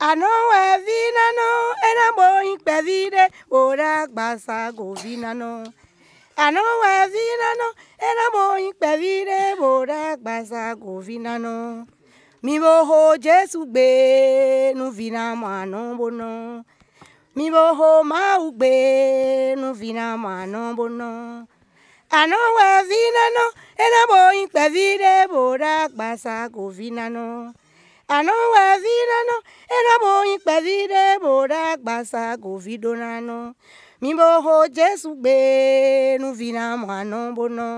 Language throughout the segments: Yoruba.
ena anowe vinano enabo inkpevide ora gbasa go vinano anowe vinano enabo inkpevide ora gbasa go vinano miboho jesu gbe nu vinamo anobono ma mau gbe nu vinamo anobono anowe vinano enabo inkpevide ora gbasa go vinano anowezirano enaboyikpezire boragbasa govidonano miboho jesu gbe nuvinamwanobono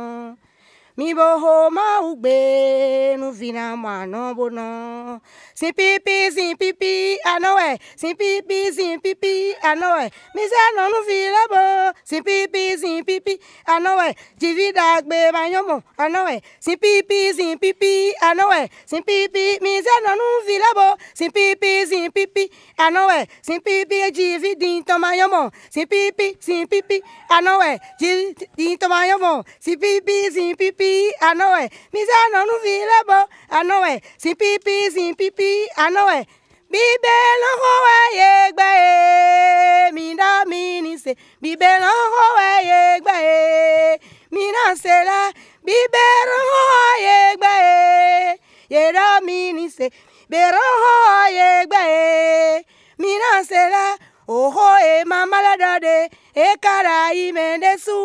Me boho mau bem, nu vina ma no bono. Sin pipi, sin pipi, anoé. Sin pipi, sin pipi, anoé. Mi se no nu vila bo. Sin pipi, sin pipi, anoe. Divida gbe ma yomo, anoe. Sin pipi, sin pipi, anoe. Sin pipi, mi se no nu vila bo. Sin pipi, sin pipi, anoé. Sin pipi, dividi to ma yomo. Sin pipi, sin pipi, anoé. Dividi to ma pipi, sin pipi. pipi, I know it. Miss I know no I know it. Si pipi, si pipi, I know it. Bíbẹ̀ lọ́wọ́ ẹ̀yẹ gbà ẹ́ mi dá mi ní sè. Bíbẹ̀ lọ́wọ́ ẹ̀yẹ gbà ẹ́ mi náà ṣe la. Bíbẹ̀ lọ́wọ́ ẹ̀yẹ gbà ẹ́ yẹ dá mi ní sè. Bẹ̀rẹ̀ lọ́wọ́ ẹ̀yẹ gbà ẹ́ mi náà ṣe la. Òhó ẹ̀ máa má ládàá de ẹ̀ka eh, ra ìmẹ̀ẹ́dẹ́sù.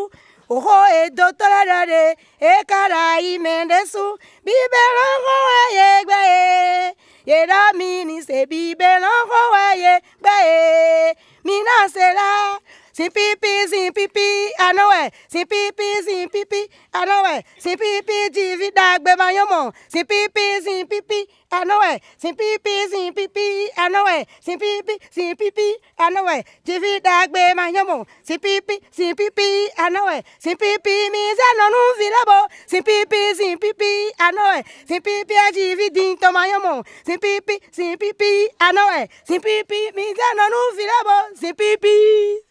oho edotorerere ekara imendesu bibelankowaye gbẹye yera mi ni se bibelankowaye gbẹye mina sela simpipi simpipi anọwẹ simpipi simpipi anọwẹ simpipi jìvìdàgbẹmayọmọ simpipi simpipi. I know it. Sin pipi, sin pipi, I know it. Sin pipi, sin pipi, I know it. Jivi dagbe ma yomo. Sin pipi, sin pipi, I know it. Sin pipi mi zano nu vilabo. Sin pipi, sin pipi, I know it. Sin pipi a jivi din to ma yomo. Sin pipi, sin pipi, I know it. Sin pipi mi zano nu vilabo. Sin pipi.